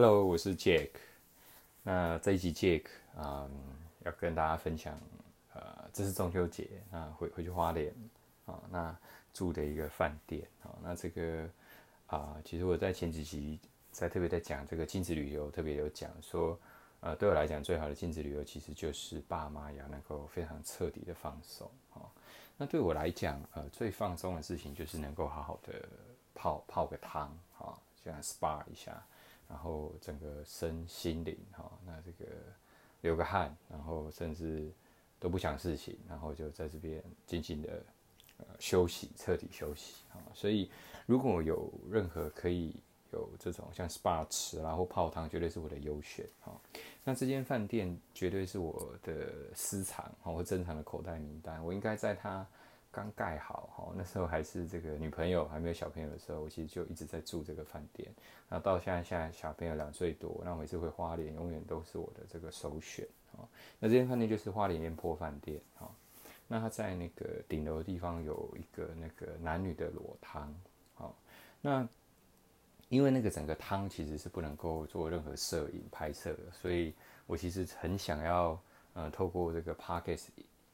Hello，我是 Jack。那這一集 Jack 啊、嗯，要跟大家分享，呃，這是中秋節啊，那回回去花蓮啊、哦，那住的一個飯店啊、哦，那這個啊、呃，其實我在前幾集在特別在講這個親子旅遊，特別有講說，呃，對我來講最好的親子旅遊其實就是爸媽要能夠非常徹底的放鬆啊、哦。那對我來講，呃，最放鬆的事情就是能夠好好的泡泡個湯啊，這、哦、樣 SPA 一下。然後整個身心靈，哈，那這個流個汗，然後甚至都不想事情，然後就在這邊靜靜的休息，徹底休息，哈。所以如果有任何可以有這種像 SPA 池啦，或泡湯，絕對是我的優選，哈。那這間飯店絕對是我的私藏，哈，我珍藏的口袋名單，我應該在它，剛蓋好哈，那時候還是這個女朋友還沒有小朋友的時候，我其實就一直在住這個飯店。那到現在現在小朋友兩歲多，那我每次回花蓮永遠都是我的這個首選。那這間飯店就是花蓮煙波飯店。那它在那個頂樓的地方有一個那個男女的裸湯。那因為那個整個湯其實是不能夠做任何攝影拍攝的，所以我其實很想要，呃，透過這個 Pockets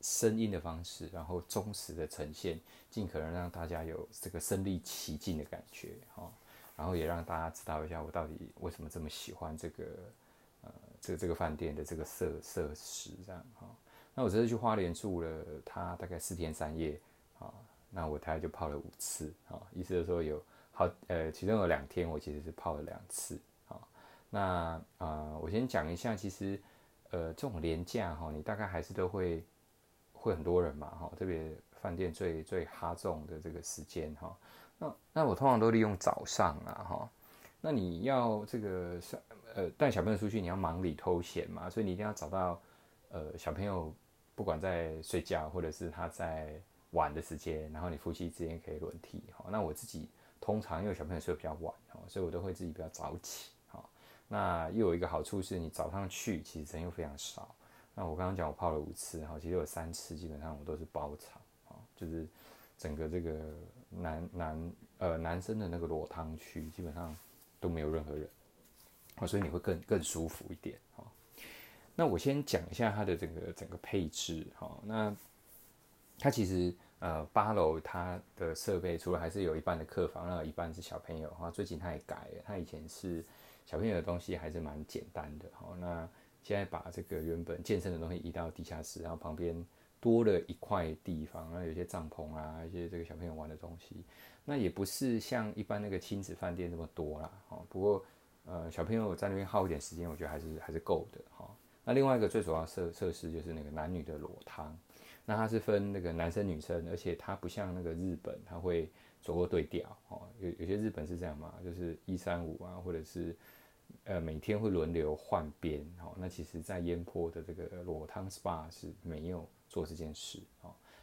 聲音的方式，然後忠實的呈現，盡可能讓大家有這個身臨其境的感覺，哈、哦，然後也讓大家知道一下我到底為什麼這麼喜歡這個，呃，這個、這個飯店的這個設設施這樣，哈、哦。那我這次去花蓮住了，他大概四天三夜，啊、哦，那我大概就泡了五次，啊、哦，意思就是說有好，呃，其中有兩天我其實是泡了兩次，啊、哦，那啊、呃，我先講一下，其實，呃，這種連假哈、哦，你大概還是都會。會很多人嘛，哈，特別飯店最最哈眾的這個時間，哈，那那我通常都利用早上啊，哈，那你要這個小，呃，帶小朋友出去，你要忙裡偷閒嘛，所以你一定要找到，呃，小朋友不管在睡覺或者是他在玩的時間，然後你夫妻之間可以輪替，哈，那我自己通常因為小朋友睡得比較晚，哈，所以我都會自己比較早起，哈，那又有一個好處是，你早上去其實人又非常少。那我剛剛講，我泡了五次哈，其實有三次基本上我都是包場，就是整個這個男男呃男生的那個裸湯區基本上都沒有任何人，所以你會更更舒服一點哈。那我先講一下它的整個整個配置哈，那它其實呃八樓它的設備除了還是有一半的客房，那一半是小朋友哈，最近它也改了，它以前是小朋友的東西還是蠻簡單的哈那。現在把這個原本健身的東西移到地下室，然後旁邊多了一塊地方，然後有些帳篷啊，一些這個小朋友玩的東西，那也不是像一般那個親子飯店這麼多啦。哦，不過呃小朋友在那邊耗一點時間，我覺得還是還是夠的哈，哦。那另外一個最主要設設施就是那個男女的裸湯，那它是分那個男生女生，而且它不像那個日本，它會左右對調。哦，有有些日本是這樣嘛，就是一三五啊，或者是。呃，每天會輪流換邊，那其實在煙波的這個裸湯 SPA 是沒有做這件事，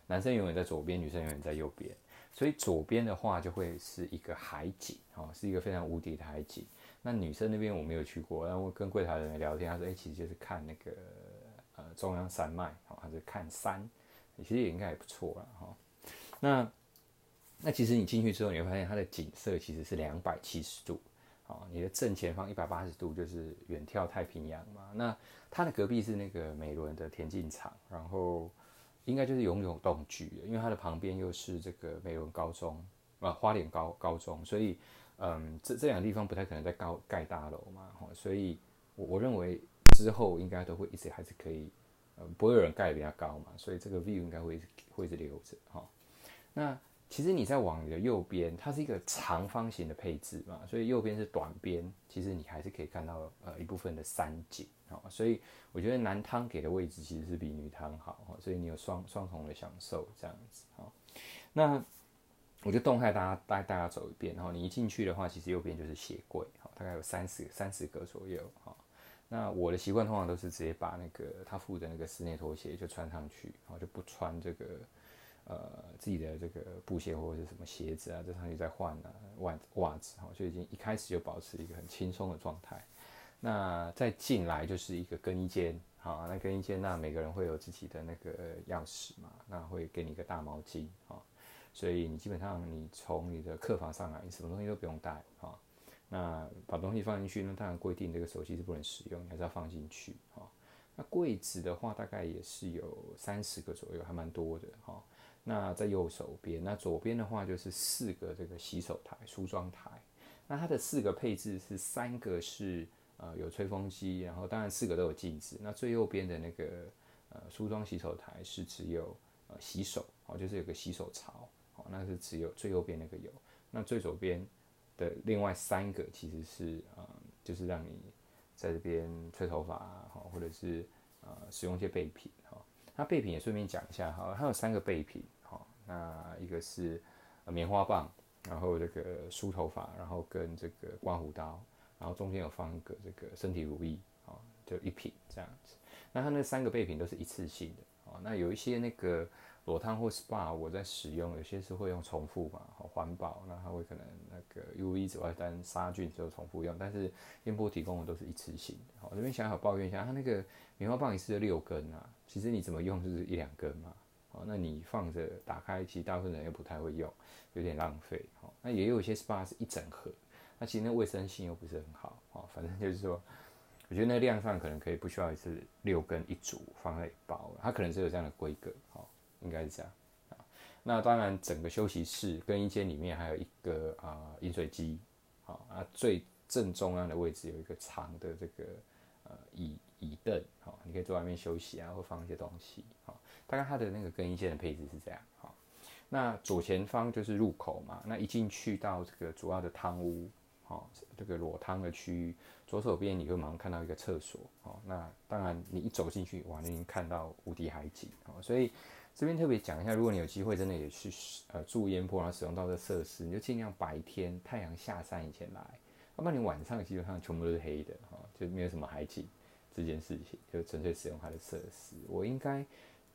男生永遠在左邊，女生永遠在右邊，所以左邊的話就會是一個海景，是一個非常無敵的海景。那女生那邊我沒有去過，然後跟櫃台的人聊天，他說，哎、欸，其實就是看那個呃中央山脈，還他是看山，其實也應該還不錯了，哈。那那其實你進去之後，你會發現它的景色其實是兩百七十度。好，你的正前方一百八十度就是遠眺太平洋嘛。那它的隔壁是那個美倫的田徑場，然後應該就是游泳道具，因為它的旁邊又是這個美倫高中啊，花蓮高高中，所以嗯，這這兩個地方不太可能再高蓋大樓嘛。哦、所以我，我我認為之後應該都會一直還是可以，嗯，不會有人蓋得比較高嘛。所以這個 view 應該會會一直留着哈、哦。那。其實你在往你的右邊，它是一個長方形的配置嘛，所以右邊是短邊，其實你還是可以看到呃一部分的山景。所以我覺得男湯給的位置其實是比女湯好。所以你有雙雙重的享受這樣子哈。那我就動態大家帶大家走一遍，然後你一進去的話，其實右邊就是鞋櫃，大概有三十三十格左右哈。那我的習慣通常都是直接把那個他附的那個室內拖鞋就穿上去，然後就不穿這個。呃，自己的這個布鞋或者是什麼鞋子啊。這上面在換啊，襪子襪子哈，就已經一開始就保持一個很輕鬆的狀態。那再進來就是一個更衣間，啊，那更衣間，那每個人會有自己的那個鑰匙嘛，那會給你一個大毛巾啊，所以你基本上，你從你的客房上來，你什麼東西都不用帶啊。那把東西放進去呢，那當然規定，這個手機是不能使用，你還是要放進去啊。那櫃子的話，大概也是有三十個左右，還蠻多的哈。那在右手邊，那左邊的話就是四個這個洗手台梳妝台，那它的四個配置是三個是呃有吹風機，然後當然四個都有鏡子。那最右邊的那個呃梳妝洗手台是只有呃洗手，哦、喔、就是有個洗手槽，哦、喔、那是只有最右邊那個有。那最左邊的另外三個其實是嗯、呃、就是讓你在這邊吹頭髮啊，哦、喔、或者是呃使用一些備品哈。那、喔、備品也順便講一下哈，它有三個備品。那一個是棉花棒，然後這個梳頭髮，然後跟這個刮鬍刀，然後中間有放一個這個身體乳液，好、哦，就一瓶這樣子。那它那三個備品都是一次性的，好、哦，那有一些那個裸湯或 SPA 我在使用，有些是會用重複嘛，好、哦、環保，那他會可能那個 UV 紫外線殺菌之後重複用，但是煙波提供的都是一次性的。我、哦、這邊想要抱怨一下，它那個棉花棒也是六根啊，其實你怎麼用就是一兩根嘛。哦，那你放着打開，其實大部分人又不太會用，有點浪費。好、哦，那也有一些 SPA 是一整盒，那其實那衛生性又不是很好。好、哦，反正就是說，我覺得那個量上可能可以不需要是六根一組放在一包，它可能是有這樣的規格。好、哦，應該是這樣。哦、那當然，整個休息室更衣間裡面還有一個啊呃飲水機，哦。啊，最正中央的位置有一個長的這個呃椅椅凳。好、哦，你可以坐外面休息啊，或放一些東西。好、哦。大概它的那個更衣間的配置是這樣、哦，那左前方就是入口嘛，那一進去到這個主要的湯屋，好、哦，這個裸湯的區域，左手邊你會馬上看到一個廁所，好、哦，那當然你一走進去，哇，你已經看到無敵海景，好、哦，所以這邊特別講一下，如果你有機會真的也去，呃，住煙波然後使用到的設施，你就儘量白天太陽下山以前來，要不然你晚上基本上全部都是黑的，哈、哦，就沒有什麼海景這件事情，就純粹使用它的設施，我應該，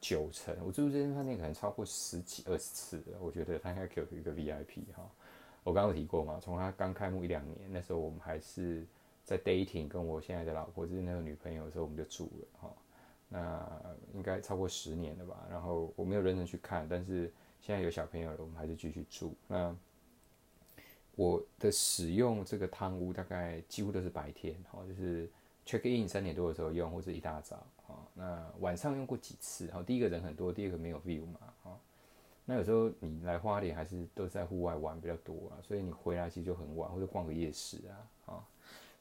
九成，我住這間飯店可能超過十幾二十次了，我覺得他應該給我一個 V I P 哈。我剛剛有提過嘛，從他剛開幕一兩年那時候，我們還是在 dating 跟我現在的老婆就是那個女朋友的時候，我們就住了哈。那應該超過十年了吧。然後我沒有認真去看，但是現在有小朋友了，我們還是繼續住。那我的使用這個湯屋大概幾乎都是白天哈，就是 check in 三點多的時候用，或者一大早。哦、那晚上用過幾次？哦，第一個人很多，第二個沒有 view 嘛？哦、那有時候你來花蓮還是都在戶外玩比較多啊，所以你回來其實就很晚，或者逛個夜市啊、哦，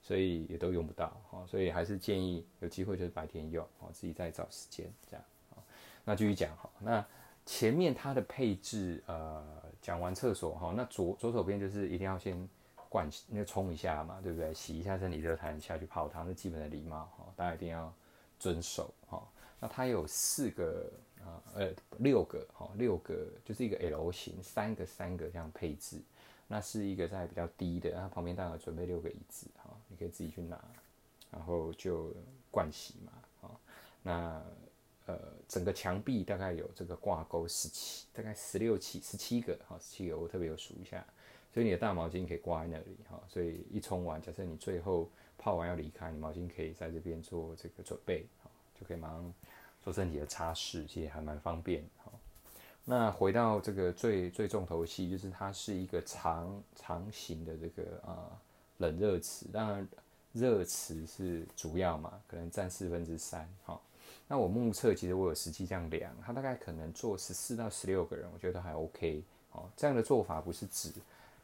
所以也都用不到。哦、所以還是建議有機會就是白天用，哦、自己再找時間這樣。哦、那繼續講、哦。那前面它的配置，呃，講完廁所哈、哦，那左左手邊就是一定要先灌，那沖、個、一下嘛，對不對？洗一下身體，熱毯下去泡湯，是基本的禮貌、哦。大家一定要。遵守哈、哦，那它有四個啊，呃六個哈，六個,、哦、六個就是一個 L 型，三個三個這樣配置，那是一個在比較低的，它旁邊大概有準備六個椅子哈、哦，你可以自己去拿，然後就盥洗嘛哈、哦，那呃整個牆壁大概有這個掛鈎十七，大概十六七十七個哈，十七個,、哦、十七個我特別有數一下，所以你的大毛巾可以掛在那裡哈、哦，所以一沖完，假設你最後泡完要離開，你毛巾可以在這邊做這個準備。就可以馬上做身體的擦拭，其實還蠻方便。好，那回到這個最最重頭戲，就是它是一個長長型的這個、呃、冷熱池，當然熱池是主要嘛，可能佔四分之三。好，那我目測其實我有實際這樣量，它大概可能坐十四到十六個人，我覺得都還 OK。哦，這樣的做法不是指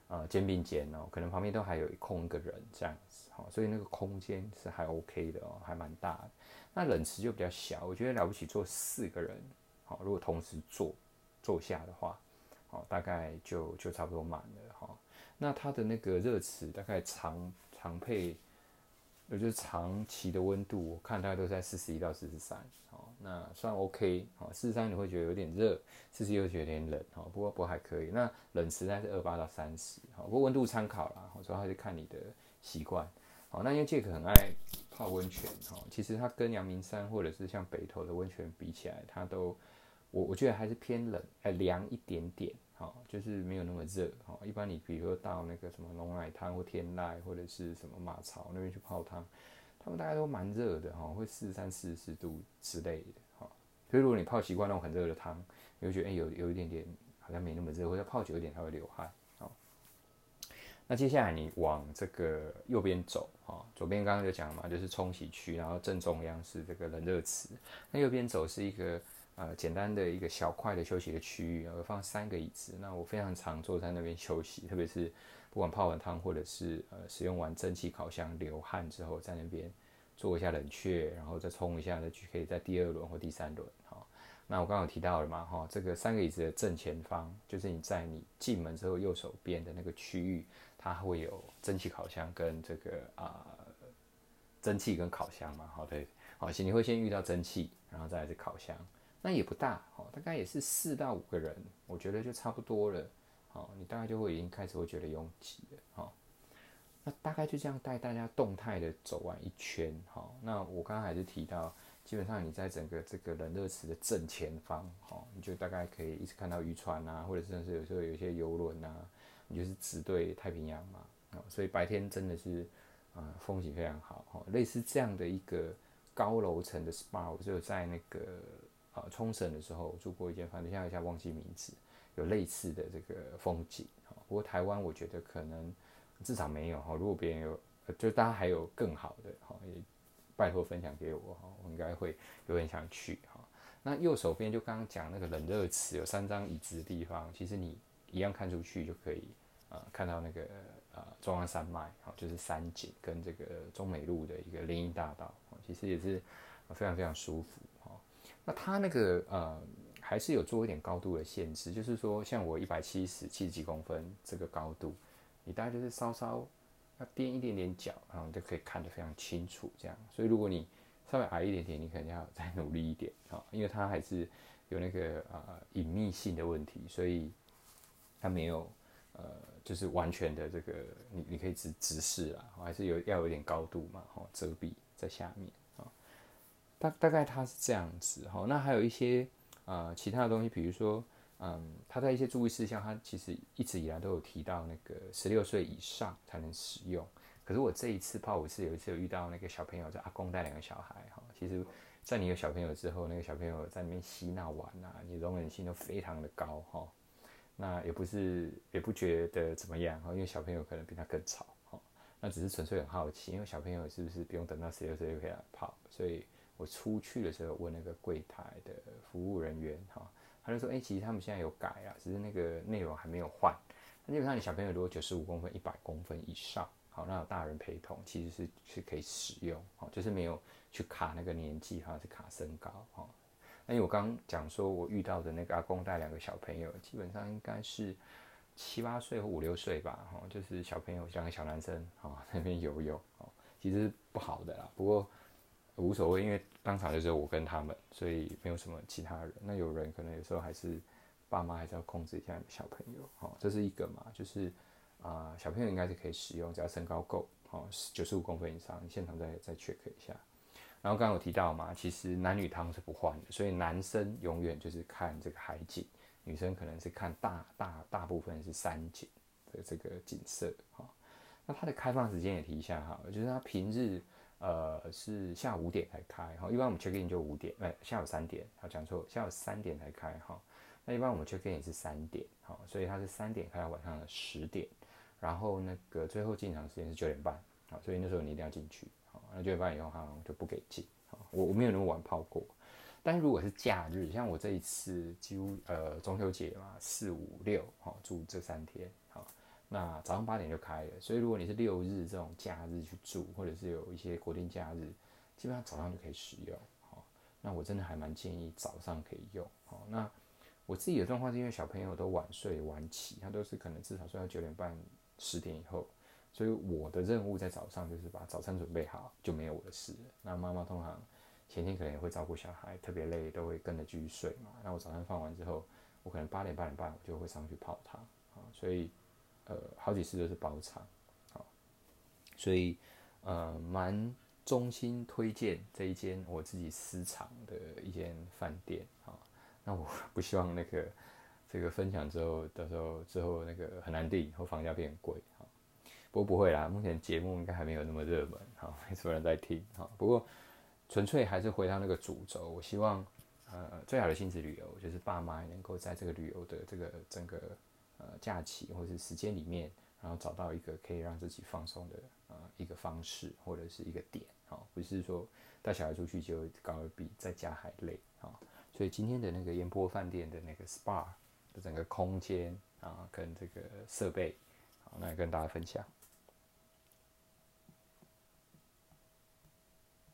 呃肩並肩哦，可能旁邊都還有空一個人這樣子。所以那個空間是還 OK 的哦，還蠻大的。那冷池就比較小，我覺得了不起，坐四個人，好、哦，如果同時坐坐下的話，好、哦，大概就就差不多滿了，好、哦。那它的那個熱池大概長長配，也就是長期的溫度，我看大概都是在四十一到四十三，好，那算 OK，好、哦，四十三你會覺得有點熱，四十一又覺得有點冷，好、哦，不過不過還可以。那冷池大概是二八到三十，好，不過溫度參考啦，主要還是看你的習慣，好、哦，那因為傑克很愛。泡溫泉哈、喔，其實它跟陽明山或者是像北投的溫泉比起來，它都我我覺得還是偏冷，哎、欸、涼一點點哈、喔，就是沒有那麼熱哈、喔。一般你比如說到那個什麼瀧乃湯或天籟或者是什麼馬槽那邊去泡湯，他們大家都蠻熱的哈、喔，會四三四十度之類的哈、喔。所以如果你泡習慣那種很熱的湯，你會覺得哎、欸、有有一點點好像沒那麼熱，或者泡久一點它會流汗。好、喔，那接下來你往這個右邊走。好、哦，左邊剛剛就講了嘛，就是沖洗區，然後正中央是這個冷熱池。那右邊走是一個呃簡單的一個小塊的休息的區域，然後放三個椅子。那我非常常坐在那邊休息，特別是不管泡完湯或者是呃使用完蒸汽烤箱流汗之後，在那邊做一下冷卻，然後再沖一下，再就可以在第二輪或第三輪。哈、哦，那我剛剛有提到了嘛，哈、哦，這個三個椅子的正前方就是你在你進門之後右手邊的那個區域。它會有蒸汽烤箱跟這個啊、呃，蒸汽跟烤箱嘛，好對，好，先你會先遇到蒸汽，然後再來是烤箱。那也不大，哦、大概也是四到五個人，我覺得就差不多了，好、哦，你大概就會已經開始會覺得擁擠了，好、哦，那大概就這樣帶大家動態的走完一圈，好、哦，那我剛剛還是提到，基本上你在整個這個冷熱池的正前方，好、哦，你就大概可以一直看到漁船啊，或者是甚至有時候有一些遊輪啊。你就是直對太平洋嘛，所以白天真的是，啊、呃，風景非常好哈。類似這樣的一個高樓層的 SPA，我只有在那個啊沖繩的時候我住過一間房子，想一下忘記名字，有類似的這個風景哈。不過台灣我覺得可能至少沒有哈。如果別人有，就大家還有更好的哈，也拜托分享給我哈，我應該會有點想去哈。那右手邊就剛剛講那個冷熱池，有三張椅子的地方，其實你。一樣看出去就可以，呃、看到那個、呃、中央山脈，哦、就是山景跟這個中美路的一個林蔭大道、哦，其實也是非常非常舒服哈、哦。那它那個呃還是有做一點高度的限制，就是說像我一百七十七十幾公分這個高度，你大概就是稍稍要踮一點點腳，然後你就可以看得非常清楚這樣。所以如果你稍微矮一點點，你可能要再努力一點、哦、因為它還是有那個呃隱秘性的問題，所以。它沒有，呃，就是完全的這個，你你可以直直視啊，還是有要有點高度嘛，哈，遮蔽在下面啊，喔，大大概它是這樣子，哈，喔，那還有一些呃其他的東西，比如說，嗯，他在一些注意事項，他其實一直以來都有提到那個十六歲以上才能使用，可是我這一次泡五次，有一次有遇到那個小朋友就阿公帶兩個小孩，哈，喔，其實在你有小朋友之後，那個小朋友在那邊嬉鬧完啊，你容忍性都非常的高，哈，喔。那也不是，也不覺得怎麼樣哈，因為小朋友可能比他更吵哈、哦。那只是純粹很好奇，因為小朋友是不是不用等到十六歲就可以泡？所以我出去的時候問那個櫃檯的服務人員哈、哦，他就說：哎、欸，其實他們現在有改啊，只是那個內容還沒有換。那基本上你小朋友如果九十五公分、一百公分以上，好、哦，那有大人陪同，其實是是可以使用哈、哦，就是沒有去卡那個年紀，哈，是卡身高哈。哦那因為我剛剛講說，我遇到的那個阿公帶兩個小朋友，基本上應該是七八歲或五六歲吧，哦、就是小朋友兩個小男生，哈、哦，那邊游泳，哦，其實不好的啦，不過無所謂，因為當場就是我跟他們，所以沒有什麼其他人。那有人可能有時候還是爸媽還是要控制一下小朋友、哦，這是一個嘛，就是啊、呃，小朋友應該是可以使用，只要身高夠，哦，九十五公分以上，你現場再再 check 一下。然後剛剛有提到嘛，其實男女湯是不換的，所以男生永遠就是看這個海景，女生可能是看大大大部分是山景的這個景色哈。那它的開放時間也提一下哈，就是它平日呃是下午五點才開哈，一般我們 check in 就五點，哎、呃，下午三點，我講錯，下午三點才開哈。那一般我們 check in 也是三點哈，所以它是三點開到晚上的十點，然後那個最後進場時間是九點半啊，所以那時候你一定要進去。那九點半以後好，就不給進，我我沒有那麼晚泡過，但是如果是假日，像我這一次幾乎呃中秋節嘛，四五六，好，住這三天，好，那早上八點就開了，所以如果你是六日這種假日去住，或者是有一些國定假日，基本上早上就可以使用，好，那我真的還蠻建議早上可以用，好，那我自己的狀況是因為小朋友都晚睡晚起，他都是可能至少睡到九點半十點以後。所以我的任務在早上就是把早餐準備好，就沒有我的事了。那媽媽通常前天可能也會照顧小孩，特別累，都會跟着繼續睡嘛。那我早餐放完之後，我可能八點半、九點半我就會上去泡湯。所以呃，好幾次都是包場。好，所以呃，蠻衷心推薦這一間我自己私藏的一間飯店。好，那我不希望那個這個分享之後，到時候之後那個很難訂，以後房價變貴。我不,不會啦，目前節目應該還沒有那麼熱門，哈，沒什麼人在聽，哈。不過，純粹還是回到那個主軸，我希望，呃，最好的親子旅遊就是爸媽能夠在這個旅遊的這個整個呃假期或是時間裡面，然後找到一個可以讓自己放鬆的呃一個方式或者是一個點，哈，不是說帶小孩出去就搞得比在家還累，哈。所以今天的那個煙波飯店的那個 SPA 的整個空間啊，跟這個設備，好，那來跟大家分享。